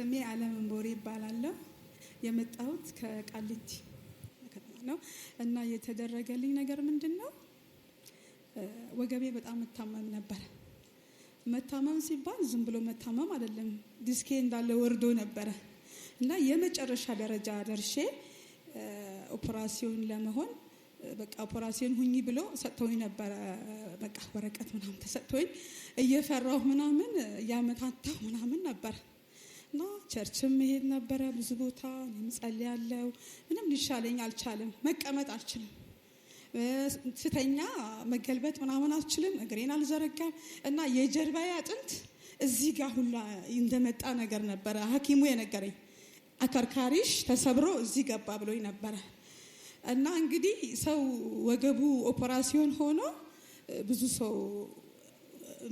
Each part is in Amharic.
ስሜ አለም እንቦሬ ይባላለሁ። የመጣሁት ከቃሊቲ ከተማ ነው እና የተደረገልኝ ነገር ምንድን ነው? ወገቤ በጣም መታመም ነበር። መታመም ሲባል ዝም ብሎ መታመም አይደለም፣ ዲስኬ እንዳለ ወርዶ ነበረ እና የመጨረሻ ደረጃ ደርሼ ኦፕራሲዮን ለመሆን በቃ ኦፕራሲዮን ሁኚ ብሎ ሰጥቶኝ ነበረ። በቃ ወረቀት ምናምን ተሰጥቶኝ እየፈራሁ ምናምን እያመታታሁ ምናምን ነበር እና ቸርችም መሄድ ነበረ ብዙ ቦታ ምጸልያለው። ምንም ሊሻለኝ አልቻለም። መቀመጥ አልችልም። ስተኛ መገልበጥ ምናምን አልችልም። እግሬን አልዘረጋም እና የጀርባዬ አጥንት እዚህ ጋር ሁላ እንደመጣ ነገር ነበረ ሐኪሙ የነገረኝ አከርካሪሽ ተሰብሮ እዚህ ገባ ብሎኝ ነበረ እና እንግዲህ ሰው ወገቡ ኦፐራሲዮን ሆኖ ብዙ ሰው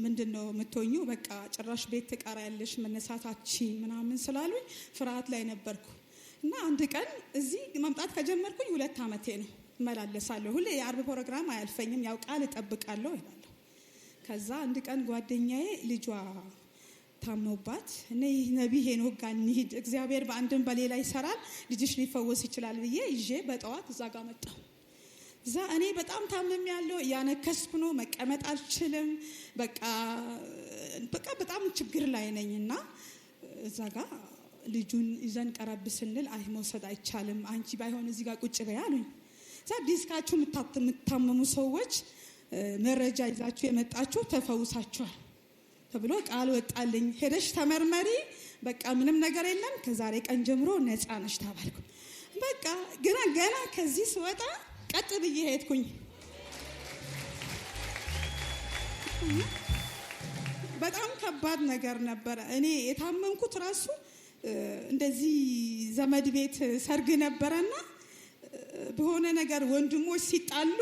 ምንድን ነው የምትኙ? በቃ ጭራሽ ቤት ያለሽ መነሳታች ምናምን ስላሉኝ ፍርሃት ላይ ነበርኩ እና አንድ ቀን እዚህ መምጣት ከጀመርኩኝ ሁለት ዓመቴ ነው። እመላለሳለሁ ሁሌ የአርብ ፕሮግራም አያልፈኝም። ያው ቃል እጠብቃለሁ ይላለሁ። ከዛ አንድ ቀን ጓደኛዬ ልጇ ታመውባት ይህ ነቢ ሄኖክ ጋር እንሂድ፣ እግዚአብሔር በአንድም በሌላ ይሰራል፣ ልጅሽ ሊፈወስ ይችላል ብዬ ይዤ በጠዋት እዛ ጋር መጣሁ። እዛ እኔ በጣም ታመም ያለው እያነከስኩ ነው፣ መቀመጥ አልችልም። በቃ በጣም ችግር ላይ ነኝ እና እዛ ጋ ልጁን ይዘን ቀረብ ስንል አይ መውሰድ አይቻልም፣ አንቺ ባይሆን እዚህ ጋር ቁጭ በይ አሉኝ። እዛ ዲስካችሁ የምታመሙ ሰዎች መረጃ ይዛችሁ የመጣችሁ ተፈውሳችኋል ተብሎ ቃል ወጣልኝ። ሄደሽ ተመርመሪ፣ በቃ ምንም ነገር የለም፣ ከዛሬ ቀን ጀምሮ ነፃ ነሽ ተባልኩ። በቃ ግና ገና ከዚህ ስወጣ ቀጥ ብዬ ሄድኩኝ። በጣም ከባድ ነገር ነበረ። እኔ የታመምኩት ራሱ እንደዚህ ዘመድ ቤት ሰርግ ነበረና በሆነ ነገር ወንድሞች ሲጣሉ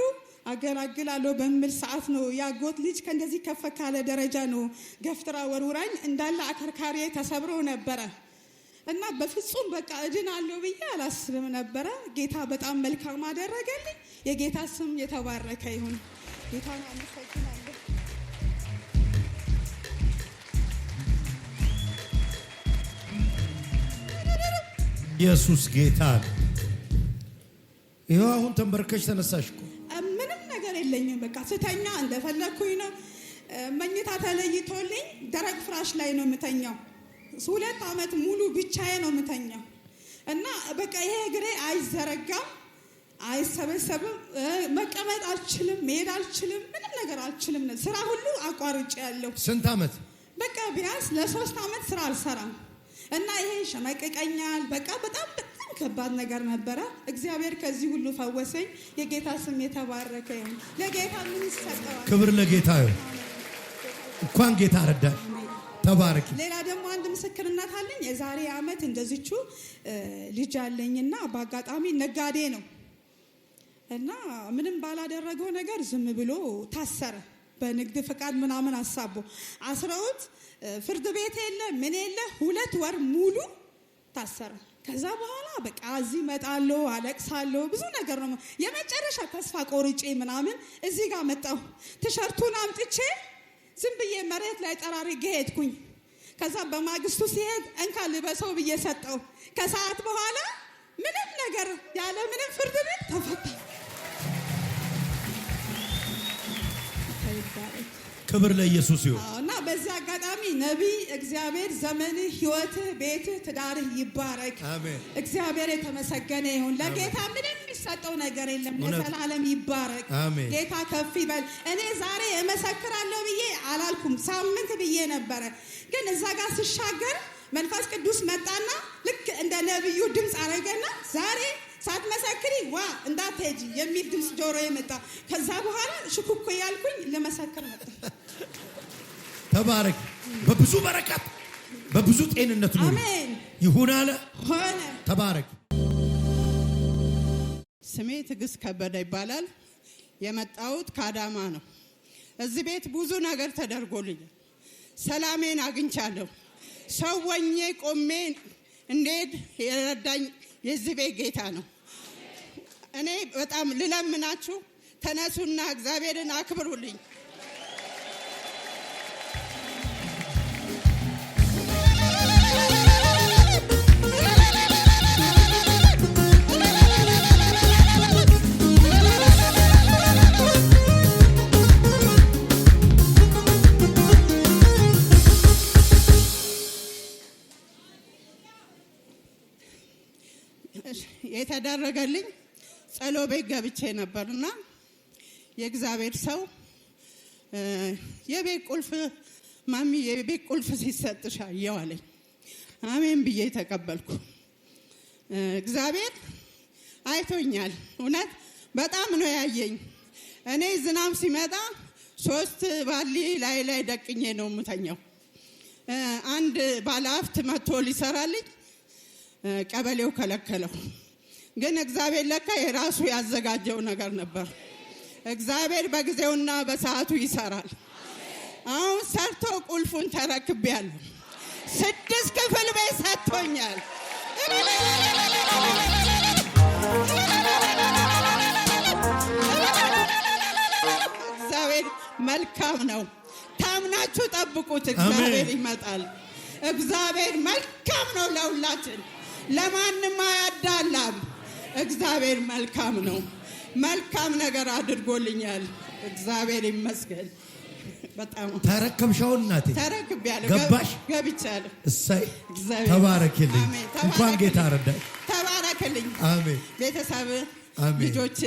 አገላግላለሁ በሚል ሰዓት ነው ያጎት ልጅ ከእንደዚህ ከፍ ካለ ደረጃ ነው ገፍትራ ወርውራኝ እንዳለ አከርካሪ ተሰብሮ ነበረ። እና በፍጹም በቃ እድናለሁ ብዬ አላስብም ነበረ። ጌታ በጣም መልካም አደረገልኝ። የጌታ ስም የተባረከ ይሁን። ጌታን አመሰግናለሁ። ኢየሱስ ጌታ ይኸው አሁን ተንበርከሽ ተነሳሽ እኮ ምንም ነገር የለኝም። በቃ ስተኛ እንደፈለግኩኝ ነው። መኝታ ተለይቶልኝ ደረቅ ፍራሽ ላይ ነው የምተኛው። ሁለት ዓመት ሙሉ ብቻዬ ነው የምተኛው እና በቃ ይሄ እግሬ አይዘረጋም፣ አይሰበሰብም፣ መቀመጥ አልችልም፣ መሄድ አልችልም፣ ምንም ነገር አልችልም። ስራ ሁሉ አቋርጬ ያለው ስንት ዓመት በቃ ቢያንስ ለሶስት ዓመት ስራ አልሰራም እና ይሄ ሸመቀቀኛል። በቃ በጣም በጣም ከባድ ነገር ነበረ። እግዚአብሔር ከዚህ ሁሉ ፈወሰኝ። የጌታ ስም የተባረከ። ለጌታ ምን ይሰጠዋል? ክብር ለጌታ። እንኳን ጌታ አረዳል? ተባረክ። ሌላ ደግሞ አንድ ምስክርነት አለኝ። የዛሬ ዓመት እንደዚቹ ልጅ አለኝና በአጋጣሚ ነጋዴ ነው እና ምንም ባላደረገው ነገር ዝም ብሎ ታሰረ። በንግድ ፍቃድ ምናምን አሳቦ አስረውት ፍርድ ቤት የለ ምን የለ ሁለት ወር ሙሉ ታሰረ። ከዛ በኋላ በቃ እዚህ መጣለሁ፣ አለቅሳለሁ፣ ብዙ ነገር ነው። የመጨረሻ ተስፋ ቆርጬ ምናምን እዚህ ጋር መጣሁ። ትሸርቱን አምጥቼ ዝም ብዬ መሬት ላይ ጠራሪ ሄድኩኝ። ከዛ በማግስቱ ሲሄድ እንካ ልበሰው ብዬ ሰጠው። ከሰዓት በኋላ ምንም ነገር ያለ ምንም ፍርድ ቤት ተፈታ። ክብር ለኢየሱስ ይሁን እና በዚህ አጋጣሚ ነቢይ እግዚአብሔር ዘመንህ፣ ህይወትህ፣ ቤትህ፣ ትዳርህ ይባረክ። እግዚአብሔር የተመሰገነ ይሁን። ለጌታ ምንም የሚሰጠው ነገር የለም። ለዘላለም ይባረክ። ጌታ ከፍ ይበል። እኔ ዛሬ እመሰክራለሁ ብዬ አላልኩም፣ ሳምንት ብዬ ነበረ። ግን እዛ ጋር ስሻገር መንፈስ ቅዱስ መጣና ልክ እንደ ነቢዩ ድምፅ አረገና ዛሬ ሳትመሰክሪ ዋ እንዳትሄጂ የሚል ድምፅ ጆሮ የመጣ ከዛ በኋላ ሽኩኩ ያልኩኝ ለመሰክር መጣ። ተባረክ። በብዙ በረከት በብዙ ጤንነት ነው። አሜን። ይሁን አለ ሆነ። ተባረክ። ስሜ ትዕግስት ከበደ ይባላል። የመጣሁት ከአዳማ ነው። እዚህ ቤት ብዙ ነገር ተደርጎልኛል። ሰላሜን አግኝቻለሁ። ሰው ወኜ ቆሜ እንዴት የረዳኝ የዚህ ቤት ጌታ ነው። እኔ በጣም ልለምናችሁ፣ ተነሱና እግዚአብሔርን አክብሩልኝ። የተደረገልኝ ጸሎ ቤት ገብቼ ነበርና የእግዚአብሔር ሰው የቤት ቁልፍ ማሚ የቤት ቁልፍ ሲሰጥሽ አየሁ አለኝ። አሜን ብዬ ተቀበልኩ። እግዚአብሔር አይቶኛል። እውነት በጣም ነው ያየኝ። እኔ ዝናብ ሲመጣ ሶስት ባሊ ላይ ላይ ደቅኜ ነው የምተኛው። አንድ ባለሀብት መጥቶ ሊሰራልኝ ቀበሌው ከለከለው። ግን እግዚአብሔር ለካ የራሱ ያዘጋጀው ነገር ነበር። እግዚአብሔር በጊዜውና በሰዓቱ ይሰራል። አሁን ሰርቶ ቁልፉን ተረክቤያለሁ። ስድስት ክፍል ቤት ሰጥቶኛል። እግዚአብሔር መልካም ነው። ታምናችሁ ጠብቁት። እግዚአብሔር ይመጣል። እግዚአብሔር መልካም ነው ለሁላችን፣ ለማንም አያዳላም። እግዚአብሔር መልካም ነው። መልካም ነገር አድርጎልኛል። እግዚአብሔር ይመስገን። በጣም ተረከብሻው እናቴ፣ ተረክቤያለሁ። ገባሽ ገብቻለሁ። እሰይ ተባረክልኝ። እንኳን ጌታ ረዳሽ። ተባረክልኝ። አሜን። ቤተሰብ ልጆች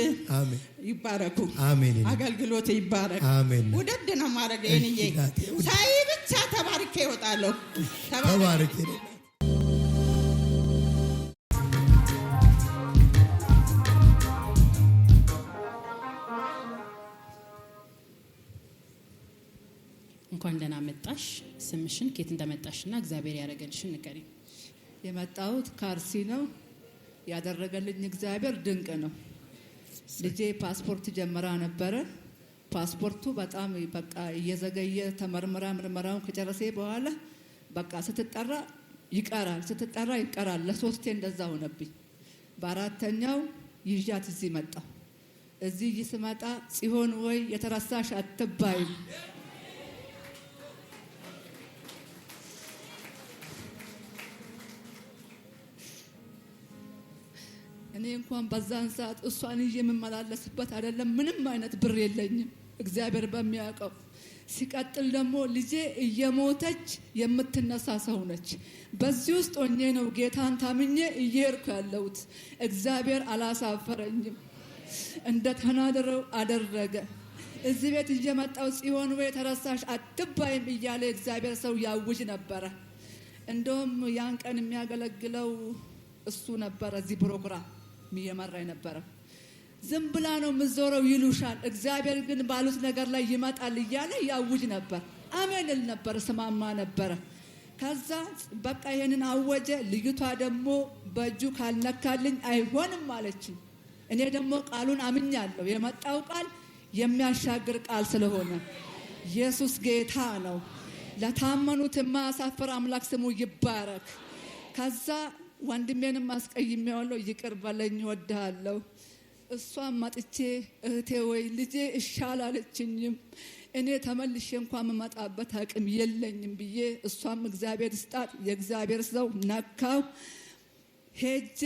ይባረኩ። አሜን። አገልግሎት ይባረክ። አሜን። ውድድ ነው ማድረግ ይህንዬ ሳይ ብቻ ተባርኬ ይወጣለሁ። ተባረክ እንኳን ደህና መጣሽ፣ ስምሽን፣ ከየት እንደመጣሽና እግዚአብሔር ያደረገልሽን ንገሪ። የመጣሁት ካርሲ ነው። ያደረገልኝ እግዚአብሔር ድንቅ ነው። ልጄ ፓስፖርት ጀምራ ነበረ። ፓስፖርቱ በጣም በቃ እየዘገየ ተመርምራ ምርመራውን ከጨረሴ በኋላ በቃ ስትጠራ ይቀራል፣ ስትጠራ ይቀራል። ለሶስቴ እንደዛ ሆነብኝ። በአራተኛው ይዣት እዚህ መጣሁ። እዚህ ስመጣ ጽሆን ወይ የተረሳሽ አትባይም እኔ እንኳን በዛን ሰዓት እሷን ይዤ የምመላለስበት አይደለም፣ ምንም አይነት ብር የለኝም እግዚአብሔር በሚያውቀው። ሲቀጥል ደግሞ ልጄ እየሞተች የምትነሳ ሰው ነች። በዚህ ውስጥ ሆኜ ነው ጌታን ታምኜ እየሄድኩ ያለሁት። እግዚአብሔር አላሳፈረኝም። እንደተናደረው አደረገ። እዚህ ቤት እየመጣው ጽዮን ወይ ተረሳሽ አትባይም እያለ እግዚአብሔር ሰው ያውጅ ነበረ። እንደውም ያን ቀን የሚያገለግለው እሱ ነበረ እዚህ ፕሮግራም እየመራ የነበረው። ዝም ብላ ነው የምዞረው ይሉሻል፣ እግዚአብሔር ግን ባሉት ነገር ላይ ይመጣል እያለ ያውጅ ነበር። አሜን እል ነበር፣ ስማማ ነበረ። ከዛ በቃ ይሄንን አወጀ። ልዩቷ ደግሞ በእጁ ካልነካልኝ አይሆንም አለችኝ። እኔ ደግሞ ቃሉን አምኛለሁ። የመጣው ቃል የሚያሻግር ቃል ስለሆነ ኢየሱስ ጌታ ነው። ለታመኑት የማያሳፍር አምላክ ስሙ ይባረክ። ከዛ ወንድሜንም አስቀይሜዋለሁ። ይቅር በለኝ እወድሃለሁ። እሷ መጥቼ እህቴ ወይ ልጄ እሻል አለችኝም። እኔ ተመልሼ እንኳ የምመጣበት አቅም የለኝም ብዬ እሷም እግዚአብሔር ስጣት የእግዚአብሔር ሰው ነካው። ሄጄ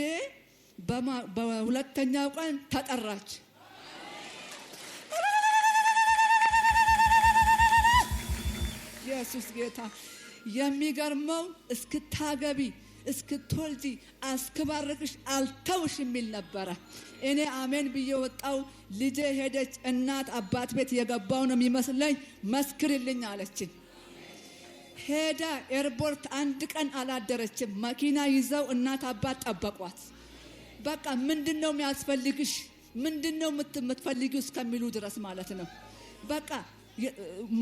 በሁለተኛው ቀን ተጠራች። ኢየሱስ ጌታ የሚገርመው እስክታገቢ እስክትወልጂ አስከባረቅሽ አልተውሽ የሚል ነበረ። እኔ አሜን ብዬ ወጣው። ልጄ ሄደች። እናት አባት ቤት የገባው ነው የሚመስለኝ። መስክርልኝ አለችኝ። ሄዳ ኤርፖርት አንድ ቀን አላደረችም። መኪና ይዘው እናት አባት ጠበቋት። በቃ ምንድን ነው የሚያስፈልግሽ? ምንድን ነው የምትፈልጊው እስከሚሉ ድረስ ማለት ነው። በቃ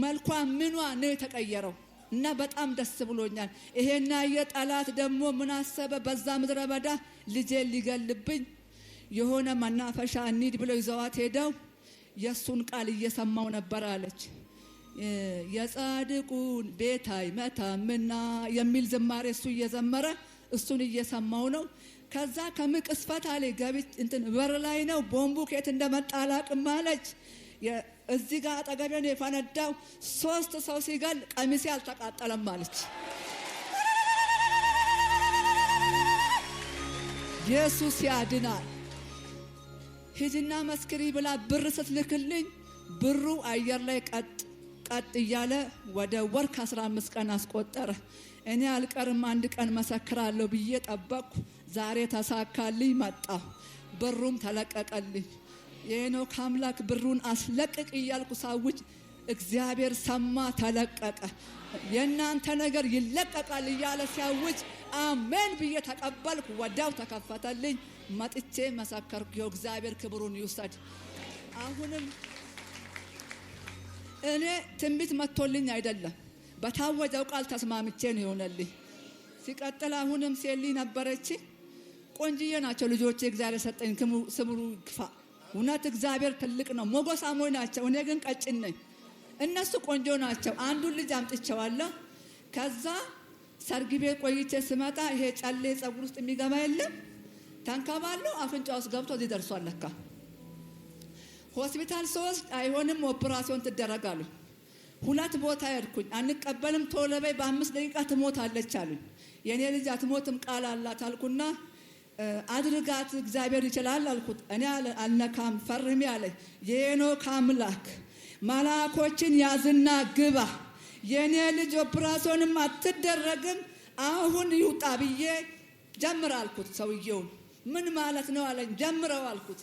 መልኳ ምኗ ነው የተቀየረው? እና በጣም ደስ ብሎኛል። ይሄና የጠላት ደግሞ ምን በዛ ምድረ በዳ ልጄ ሊገልብኝ የሆነ መናፈሻ እንሂድ ብለው ይዘዋት ሄደው የእሱን ቃል እየሰማው ነበር አለች። የጻድቁን ቤት አይመታምና የሚል ዝማሬ እሱ እየዘመረ እሱን እየሰማው ነው። ከዛ ከምቅስፈት አለ ገብች እንትን በር ላይ ነው ቦምቡ ኬት እንደመጣ አላቅም አለች። እዚህ ጋር አጠገቤን የፈነዳው ሶስት ሰው ሲገል ቀሚሴ አልተቃጠለም አለች። ኢየሱስ ያድናል። ሂድና መስክሪ ብላ ብር ስትልክልኝ ብሩ አየር ላይ ቀጥ ቀጥ እያለ ወደ ወር ከ15 ቀን አስቆጠረ። እኔ አልቀርም አንድ ቀን መሰክራለሁ ብዬ ጠበቅኩ። ዛሬ ተሳካልኝ መጣሁ፣ ብሩም ተለቀቀልኝ። የሄኖክ አምላክ ብሩን አስለቅቅ እያልኩ ሳውጅ እግዚአብሔር ሰማ፣ ተለቀቀ። የእናንተ ነገር ይለቀቃል እያለ ሲያውጅ አሜን ብዬ ተቀበልኩ። ወዳው ተከፈተልኝ። መጥቼ መሰከርኩ። የእግዚአብሔር ክብሩን ይውሰድ። አሁንም እኔ ትንቢት መጥቶልኝ አይደለም፣ በታወጀው ቃል ተስማምቼ ነው የሆነልኝ። ሲቀጥል አሁንም ሴሊ ነበረች። ቆንጅዬ ናቸው ልጆቼ። እግዚአብሔር ሰጠኝ ስሙ ይክፋ እውነት እግዚአብሔር ትልቅ ነው። ሞጎሳሞች ናቸው። እኔ ግን ቀጭን ነኝ። እነሱ ቆንጆ ናቸው። አንዱን ልጅ አምጥቼዋለሁ። ከዛ ሰርግ ቤት ቆይቼ ስመጣ ይሄ ጨሌ ጸጉር ውስጥ የሚገባ የለም ተንከባሎ አፍንጫ ውስጥ ገብቶ እዚህ ደርሷል። ለካ ሆስፒታል ሶስት አይሆንም ኦፕራሲዮን ትደረጋሉ። ሁለት ቦታ ሄድኩኝ። አንቀበልም ቶሎ በይ በአምስት ደቂቃ ትሞታለች አሉኝ። የእኔ ልጅ አትሞትም ቃል አላት አልኩና አድርጋት እግዚአብሔር ይችላል አልኩት። እኔ አልነካም ፈርሜ አለ የሄኖክ አምላክ መላኮችን ያዝና ግባ፣ የእኔ ልጅ ኦፕራሲዮንም አትደረግም አሁን ይውጣ ብዬ ጀምር አልኩት። ሰውየውን ምን ማለት ነው አለኝ። ጀምረው አልኩት።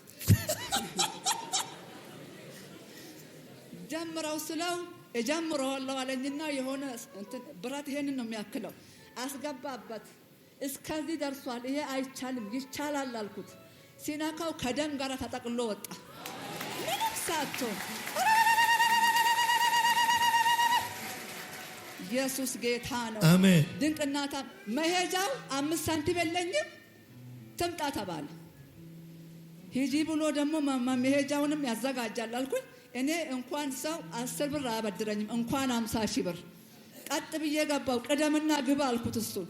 ጀምረው ስለው እጀምረዋለሁ አለኝና የሆነ ብረት ይሄንን ነው የሚያክለው አስገባበት እስከዚህ ደርሷል። ይሄ አይቻልም ይቻላል አልኩት። ሲነካው ከደም ጋር ተጠቅሎ ወጣ። ምንም ሳትሆን ኢየሱስ ጌታ ነው። አሜን። ድንቅናታ መሄጃው አምስት ሳንቲም የለኝም ትምጣ ተባለ። ሂጂ ብሎ ደግሞ መሄጃውንም ያዘጋጃል አልኩኝ። እኔ እንኳን ሰው አስር ብር አያበድረኝም እንኳን አምሳ ሺህ ብር ቀጥ ብዬ ገባው። ቅደምና ግባ አልኩት እሱን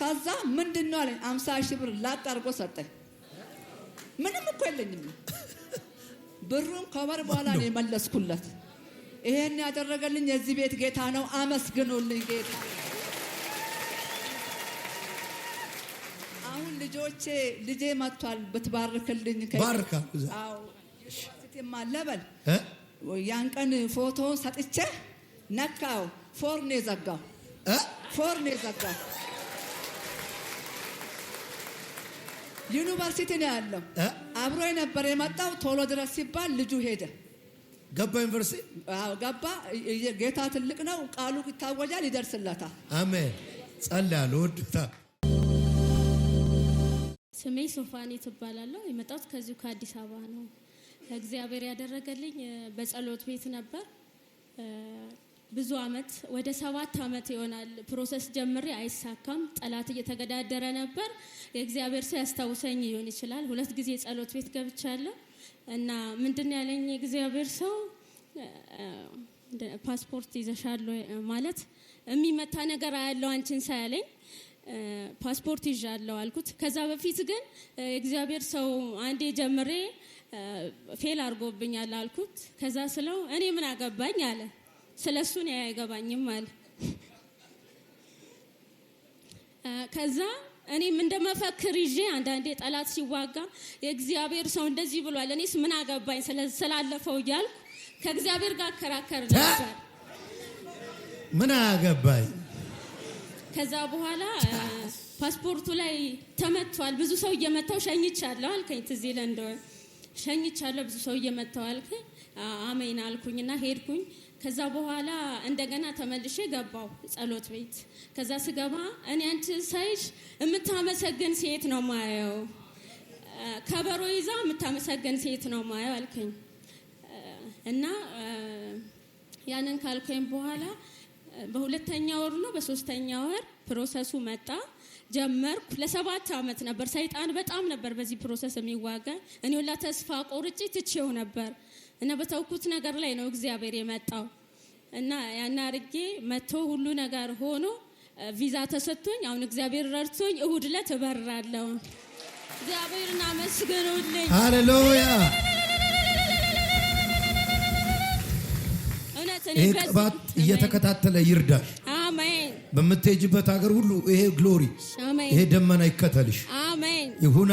ከዛ ምንድን ነው አለኝ። አምሳ ሺህ ብር ላጥ አድርጎ ሰጠኝ። ምንም እኮ የለኝም። ብሩን ከወር በኋላ ነው የመለስኩለት። ይሄን ያደረገልኝ የዚህ ቤት ጌታ ነው። አመስግኑልኝ ጌታ። አሁን ልጆቼ ልጄ መጥቷል፣ ብትባርክልኝ ለበል። ያን ቀን ፎቶ ሰጥቼ ነካው፣ ፎርኔ ዘጋው፣ ፎርኔ ዘጋው ዩኒቨርሲቲ ነው ያለው። አብሮ ነበር የመጣው ቶሎ ድረስ ሲባል ልጁ ሄደ። ገባ ዩኒቨርሲቲ ገባ። ጌታ ትልቅ ነው። ቃሉ ይታወጃል፣ ይደርስለታል። አሜን። ጸልያሉ። ወዱታ ስሜ ሶፋኔ ትባላለሁ። የመጣሁት ከዚሁ ከአዲስ አበባ ነው። እግዚአብሔር ያደረገልኝ በጸሎት ቤት ነበር ብዙ አመት ወደ ሰባት አመት ይሆናል ፕሮሰስ ጀምሬ አይሳካም። ጠላት እየተገዳደረ ነበር። የእግዚአብሔር ሰው ያስታውሰኝ ይሆን ይችላል። ሁለት ጊዜ ጸሎት ቤት ገብቻለሁ እና ምንድን ያለኝ የእግዚአብሔር ሰው ፓስፖርት ይዘሻል ማለት የሚመታ ነገር አያለው አንቺን ሳያለኝ ፓስፖርት ይዣለሁ አልኩት። ከዛ በፊት ግን እግዚአብሔር ሰው አንዴ ጀምሬ ፌል አድርጎብኛል አልኩት። ከዛ ስለው እኔ ምን አገባኝ አለ ስለ እሱ ነው አይገባኝም አለ። ከዛ እኔም እንደመፈክር ይዤ አንዳንዴ ጠላት ሲዋጋ የእግዚአብሔር ሰው እንደዚህ ብሏል፣ እኔስ ምን አገባኝ ስላለፈው እያልኩ ከእግዚአብሔር ጋር አከራከር ነበር። ምን አገባኝ። ከዛ በኋላ ፓስፖርቱ ላይ ተመቷል፣ ብዙ ሰው እየመታው ሸኝቻለሁ አልከኝ። ትዝ ይለህ እንደሆነ ሸኝቻለሁ፣ ብዙ ሰው እየመታው አልከኝ። አሜን አልኩኝና ሄድኩኝ። ከዛ በኋላ እንደገና ተመልሼ ገባው ጸሎት ቤት። ከዛ ስገባ እኔ አንቺ ሳይሽ የምታመሰግን ሴት ነው ማየው፣ ከበሮ ይዛ የምታመሰግን ሴት ነው ማየው አልከኝ እና ያንን ካልከኝ በኋላ በሁለተኛ ወር ነው በሶስተኛ ወር ፕሮሰሱ መጣ። ጀመርኩ። ለሰባት አመት ነበር። ሰይጣን በጣም ነበር በዚህ ፕሮሰስ የሚዋጋ። እኔ ሁላ ተስፋ ቆርጬ ትቼው ነበር እና በተውኩት ነገር ላይ ነው እግዚአብሔር የመጣው እና ያን አርጌ መቶ ሁሉ ነገር ሆኖ ቪዛ ተሰጥቶኝ አሁን እግዚአብሔር ረድቶኝ እሁድ ዕለት እበራለሁ። እግዚአብሔር አመስግኑልኝ። ሃሌሉያ። እውነት እኔ ቅባት እየተከታተለ ይርዳል። በምትሄጅበት ሀገር ሁሉ ይሄ ግሎሪ ይሄ ደመና ይከተልሽ። አሜን ይሁን።